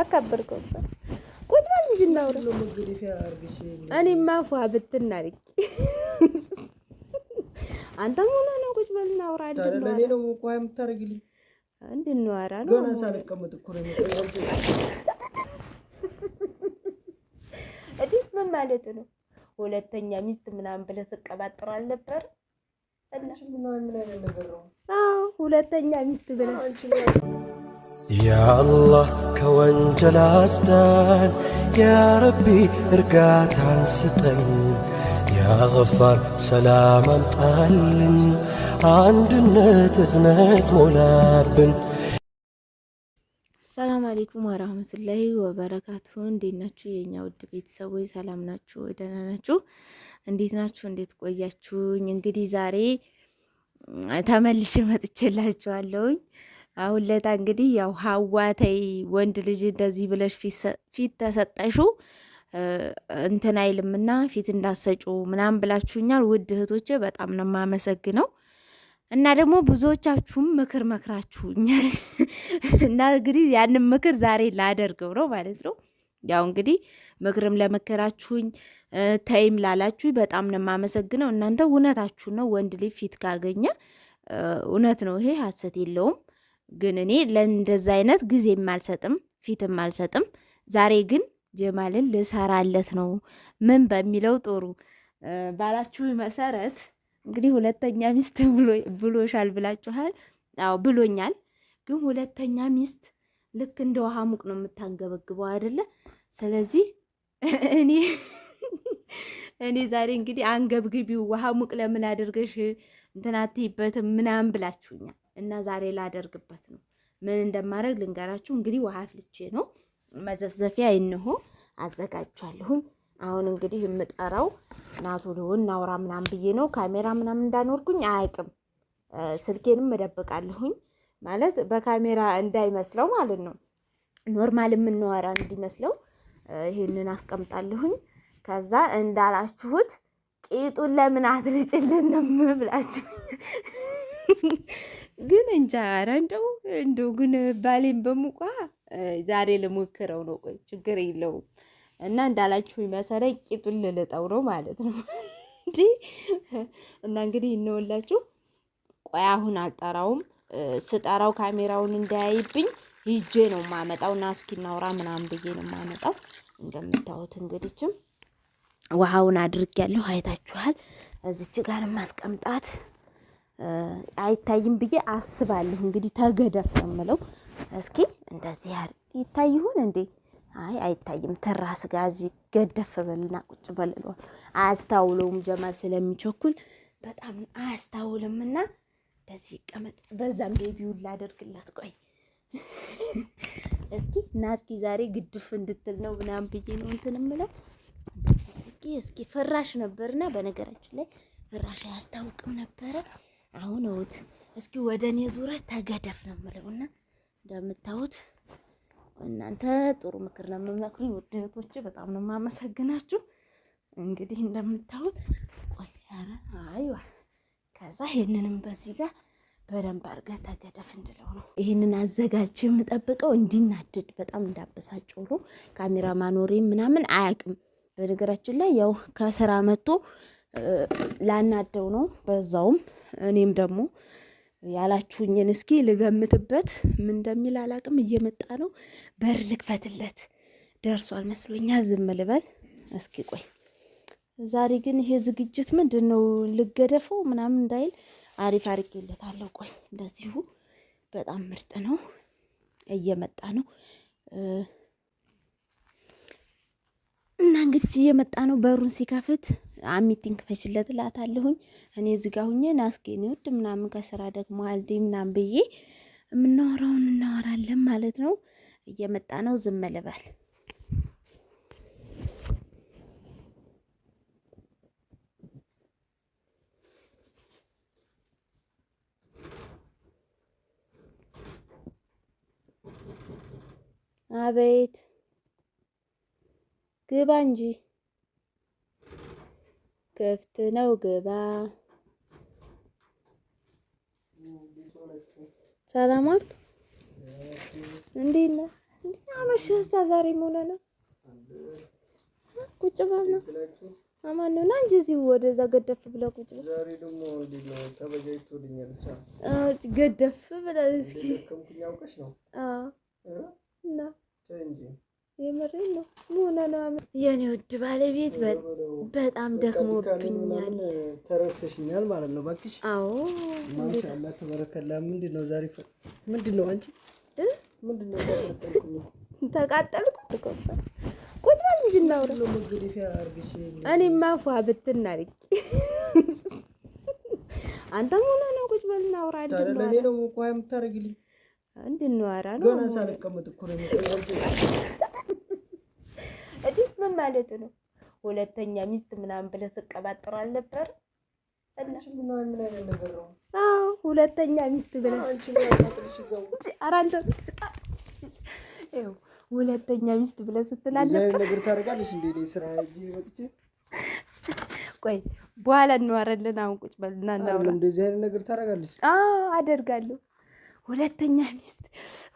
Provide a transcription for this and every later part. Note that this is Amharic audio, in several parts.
አካበድከው። ቁጭ በል እንጂ እናውራ። እኔማ ፏ ብትና አንተም ሆነ ነው ቁጭ በል እናውራ። እንድናወራ ነው እንዴት? ምን ማለት ነው? ሁለተኛ ሚስት ምናምን ብለህ ስቀባጥሮ አልነበር? ሁለተኛ ሚስት ብለህ ያአላህ ከወንጀል አስዳን፣ ያረቢ እርጋታን ስጠን፣ ያገፋር ሰላም አምጣልን፣ አንድነት እዝነት ሞላብን። ሰላም አሌይኩም ወራህመቱላሂ ወበረካቱ። እንዴት ናችሁ? የእኛ ውድ ቤተሰቦች ሰላም ናችሁ? ደህና ናችሁ? እንዴት ናችሁ? እንዴት ቆያችሁኝ? እንግዲህ ዛሬ ተመልሼ መጥቼላችኋለሁኝ። አሁን ለታ እንግዲህ ያው ሀዋተይ ወንድ ልጅ እንደዚህ ብለሽ ፊት ተሰጠሹ እንትን አይልምና ፊት እንዳሰጩ ምናምን ብላችሁኛል ውድ እህቶቼ፣ በጣም ነው የማመሰግነው። እና ደግሞ ብዙዎቻችሁም ምክር መክራችሁኛል እና እንግዲህ ያንን ምክር ዛሬ ላደርገው ነው ማለት ነው። ያው እንግዲህ ምክርም ለመከራችሁኝ ተይም ላላችሁ በጣም ነው የማመሰግነው። እናንተ እውነታችሁ ነው። ወንድ ልጅ ፊት ካገኘ እውነት ነው፣ ይሄ ሀሰት የለውም። ግን እኔ ለእንደዚ አይነት ጊዜም አልሰጥም ፊትም አልሰጥም። ዛሬ ግን ጀማልን ልሰራለት ነው። ምን በሚለው ጦሩ ባላችሁ መሰረት እንግዲህ ሁለተኛ ሚስት ብሎሻል ብላችኋል። አዎ ብሎኛል። ግን ሁለተኛ ሚስት ልክ እንደ ውሃ ሙቅ ነው የምታንገበግበው አይደለ? ስለዚህ እኔ እኔ ዛሬ እንግዲህ አንገብግቢው ውሃ ሙቅ ለምን አድርገሽ እንትን አትይበትም ምናምን ብላችሁኛል። እና ዛሬ ላደርግበት ነው። ምን እንደማደርግ ልንገራችሁ። እንግዲህ ውሃ አፍልቼ ነው መዘፍዘፊያ ይንሆ አዘጋጅቻለሁኝ። አሁን እንግዲህ የምጠራው ናቶሎ እናውራ ምናምን ብዬ ነው። ካሜራ ምናምን እንዳኖርኩኝ አያውቅም። ስልኬንም እደብቃለሁኝ ማለት በካሜራ እንዳይመስለው ማለት ነው። ኖርማል የምናወራ እንዲመስለው ይሄንን አስቀምጣለሁኝ። ከዛ እንዳላችሁት ቂጡን ለምን አትልጭልን ብላችሁ ግን እንጃ ኧረ እንደው እንደው ግን ባሌን በሙቋ ዛሬ ልሞክረው ነው። ቆይ ችግር የለውም እና እንዳላችሁ መሰረት ቂጡን ልልጠው ነው ማለት ነው እንጂ እና እንግዲህ እንወላችሁ ቆይ አሁን አልጠራውም። ስጠራው ካሜራውን እንዳያይብኝ ሂጄ ነው የማመጣው እና እስኪ እናውራ ምናምን ብዬ ነው የማመጣው። እንደምታዩት እንግዲችም ውሃውን አድርጌያለሁ አይታችኋል። እዚች ጋር ማስቀምጣት አይታይም ብዬ አስባለሁ። እንግዲህ ተገደፍ ነው የምለው። እስኪ እንደዚህ ያር ይታይ ይሁን እንዴ? አይ አይታይም። ተራስ ጋዚ ገደፍ በልና ቁጭ በልሏል። አያስታውለውም ጀማል ስለሚቸኩል በጣም አያስታውልም። አያስታውልምና እንደዚህ ይቀመጥ። በዛም ቤቢውን ላደርግላት ቆይ እስኪ እና ዛሬ ግድፍ እንድትል ነው ምናምን ብዬ ነው እንትን የምለው። እስኪ ፍራሽ ነበርና በነገራችን ላይ ፍራሽ አያስታውቅም ነበረ። አሁን እውት እስኪ ወደ እኔ ዙረ ተገደፍ ነው የምለው እና እንደምታዩት እናንተ ጥሩ ምክር ነው የምመክሩኝ ውድ እህቶቼ፣ በጣም ነው የማመሰግናችሁ። እንግዲህ እንደምታዩት ቆይ፣ አይዋ፣ ከዛ ይህንንም በዚህ ጋር በደንብ አድርገህ ተገደፍ እንድለው ነው ይህንን አዘጋጅቼ የምጠብቀው። እንዲናድድ በጣም እንዳበሳጭው ነው ካሜራ ማኖሬ ምናምን አያውቅም። በነገራችን ላይ ያው ከስራ መጥቶ ላናደው ነው በዛውም እኔም ደግሞ ያላችሁኝን እስኪ ልገምትበት። ምን እንደሚል አላቅም። እየመጣ ነው። በር ልክፈትለት። ደርሷል መስሎኛ። ዝም ልበል እስኪ ቆይ። ዛሬ ግን ይሄ ዝግጅት ምንድን ነው? ልገደፈው ምናምን እንዳይል አሪፍ አድርጌለታለሁ። ቆይ እንደዚሁ በጣም ምርጥ ነው። እየመጣ ነው እና እንግዲህ እየመጣ ነው። በሩን ሲከፍት አሚቲንግ ፈችለት ላታለሁኝ እኔ እዚህ ጋር ሁኜ ናስጌኔ ውድ ምናምን ከስራ ደግሞ አልዲ ምናምን ብዬ የምናወራውን እናወራለን ማለት ነው። እየመጣ ነው። ዝም ልበል አቤት ግባ እንጂ ክፍት ነው ግባ። ሰላም አልክ? እንዴት ነህ? አመሸህ? እዛ ዛሬ ሆነ ነው ቁጭ ብለህ ነው አማን ነው ና እንጂ እዚሁ ወደዛ ገደፍ ብለህ ቁጭ ብለህ ዛሬ ደግሞ እንዴት ነው ተበጃጅቶልኛል። እሷ አዎ ገደፍ ብለህ እስኪ ከምኩኝ አውቀሽ ነው። አዎ እና እንጂ የምር ነው ሆነ ነው የኔ ውድ ባለቤት በጣም ደክሞብኛል። ተረድተሽኛል ማለት ነው እባክሽ። አዎ ማሻአላ ተበረከላ። ምንድን ነው ዛሬ ምንድን ነው አንቺ ምንድን ነው ተቃጠልኩት እኮ ቁጭ በል እንጂ እናውራ። እኔማ ፏ ብትና አድርጊ አንተም ሆነ ነው ቁጭ በል እናውራ። ለእኔ ነው እኮ ነው ገና ሳልቀመጥ እኮ ነው ምን ማለት ነው? ሁለተኛ ሚስት ምናምን ብለህ ስቀባጥሩ አልነበር? ሁለተኛ ሚስት ብለህ ኧረ ሁለተኛ ሚስት ብለህ ስትል አልነበር? ነገር ታደርጋለሽ እንደ እኔ ስራ ወጥቼ ቆይ በኋላ እንዋረለን። አሁን ቁጭ በል እና እናውራ። እንደዚህ አይነት ነገር ታደርጋለች? አዎ አደርጋለሁ። ሁለተኛ ሚስት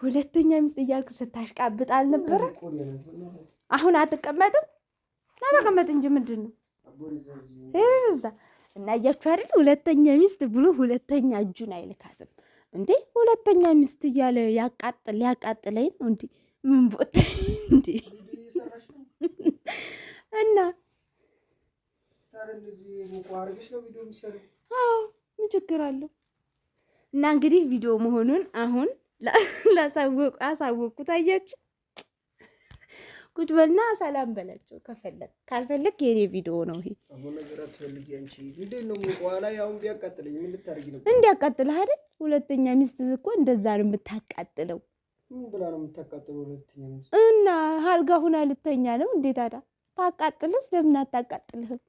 ሁለተኛ ሚስት እያልክ ስታሽቃብጥ አልነበረ? አሁን አትቀመጥም? ላተቀመጥ እንጂ ምንድን ነው እዛ እና እያችሁ አይደል? ሁለተኛ ሚስት ብሎ ሁለተኛ እጁን አይልካትም እንዴ! ሁለተኛ ሚስት እያለ ያቃጥል ሊያቃጥለኝ ነው እንዴ? ምን ቦታ እንዴ? እና አዎ ምን ችግር አለው? እና እንግዲህ ቪዲዮ መሆኑን አሁን ላሳወቁ አሳወቅኩት። አያችሁ ቁጭ በልና ሰላም በላቸው ከፈለግ። ካልፈለግ የኔ ቪዲዮ ነው ይሄ። እንዲያቃጥልህ አይደል? ሁለተኛ ሚስት እኮ እንደዛ ነው የምታቃጥለው። እና አልጋ ሁና ልተኛ ነው እንዴ ታዲያ? ታቃጥልስ? ለምን አታቃጥልህም?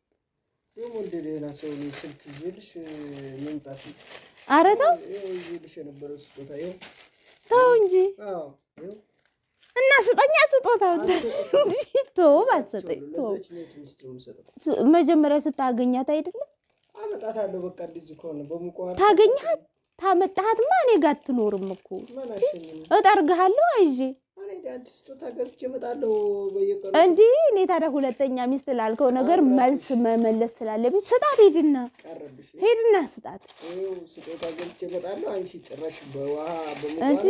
ደግሞ እንደ ሌላ ሰው ስልክ ይዤልሽ መምጣት አረታው ይዤልሽ የነበረው ስጦታ ይኸው። ተው እንጂ እና ስጠኛ ስጦታ ተወው፣ ባትሰጠኝ መጀመሪያ ስታገኛት አይደለም ታገኛት ታመጣሃትማ እኔ ጋር አትኖርም እኮ እጠርግሃለሁ አይዤ እንጂ እኔ ታዲያ ሁለተኛ ሚስት ላልከው ነገር መልስ መመለስ ስላለብኝ ስጣት፣ ሂድና ሂድና ስጣት እንጂ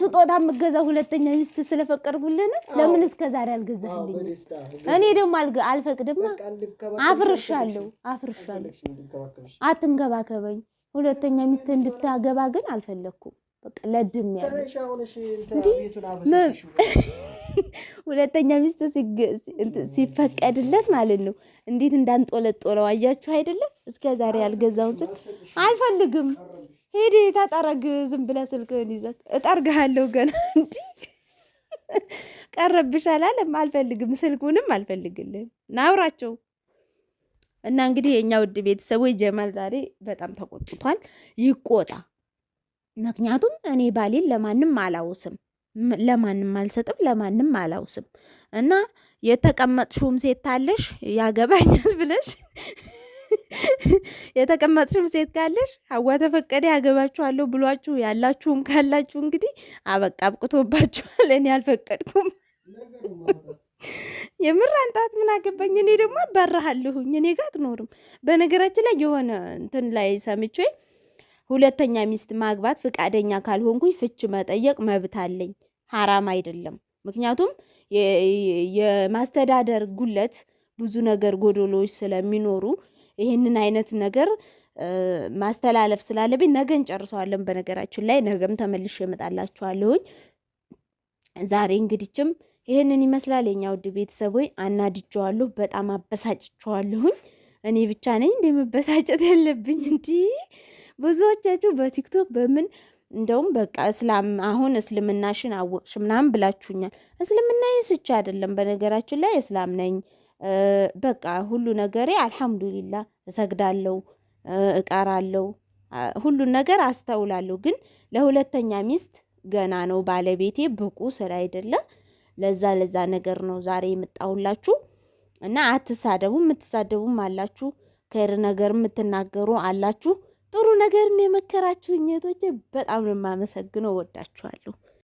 ስጦታ የምገዛ ሁለተኛ ሚስት ስለፈቀድኩልን ለምን እስከ ዛሬ አልገዛልኝ? እኔ ደግሞ አልፈቅድማ። አፍርሻለሁ፣ አፍርሻለሁ። አትንከባከበኝ። ሁለተኛ ሚስት እንድታገባ ግን አልፈለግኩም። በቃ ለድም ያለ ሁለተኛ ሚስት ሲፈቀድለት ማለት ነው። እንዴት እንዳንጦለጦለው አያችሁ አይደለም? እስከ ዛሬ ያልገዛውን ስልክ አልፈልግም፣ ሂድ ታጠረግ፣ ዝም ብለህ ስልክህን ይዘህ እጠርግሃለሁ። ገና ቀረብሻል አለም። አልፈልግም፣ ስልኩንም አልፈልግልህም። ናውራቸው እና እንግዲህ የእኛ ውድ ቤተሰቦች ጀማል ዛሬ በጣም ተቆጥቷል። ይቆጣ ምክንያቱም እኔ ባሌን ለማንም አላውስም፣ ለማንም አልሰጥም፣ ለማንም አላውስም እና የተቀመጥሽውም ሴት ታለሽ ያገባኛል ብለሽ የተቀመጥሽም ሴት ካለሽ ሀዋ ተፈቀደ ያገባችኋለሁ ብሏችሁ ያላችሁም ካላችሁ እንግዲህ አበቃ አብቅቶባችኋል። እኔ አልፈቀድኩም። የምር አንጣት ምን አገባኝ። እኔ ደግሞ አባራሃለሁኝ። እኔ ጋር አትኖርም። በነገራችን ላይ የሆነ እንትን ላይ ሰምቼ ሁለተኛ ሚስት ማግባት ፍቃደኛ ካልሆንኩኝ ፍች መጠየቅ መብት አለኝ፣ ሀራም አይደለም። ምክንያቱም የማስተዳደር ጉለት ብዙ ነገር ጎደሎች ስለሚኖሩ ይህንን አይነት ነገር ማስተላለፍ ስላለብኝ ነገ እንጨርሰዋለን። በነገራችን ላይ ነገም ተመልሼ እመጣላችኋለሁኝ። ዛሬ እንግዲችም ይህንን ይመስላል የኛ ውድ ቤተሰቦች። አናድጀዋለሁ፣ በጣም አበሳጭቼዋለሁኝ። እኔ ብቻ ነኝ እንደመበሳጨት ያለብኝ እንዲህ ብዙዎቻችሁ በቲክቶክ በምን እንደውም በቃ እስላም አሁን እስልምናሽን አወቅሽ ምናምን ብላችሁኛል። እስልምና ይስቻ አይደለም በነገራችን ላይ እስላም ነኝ። በቃ ሁሉ ነገሬ አልሐምዱሊላ፣ እሰግዳለሁ፣ እቀራለሁ፣ ሁሉን ነገር አስተውላለሁ። ግን ለሁለተኛ ሚስት ገና ነው ባለቤቴ ብቁ ስለ አይደለ ለዛ ለዛ ነገር ነው ዛሬ የምጣሁላችሁ እና አትሳደቡ፣ የምትሳደቡም አላችሁ፣ ከር ነገር የምትናገሩ አላችሁ። ጥሩ ነገርን የመከራችሁ እህቶቼ በጣም ነው የማመሰግነው። ወዳችኋለሁ።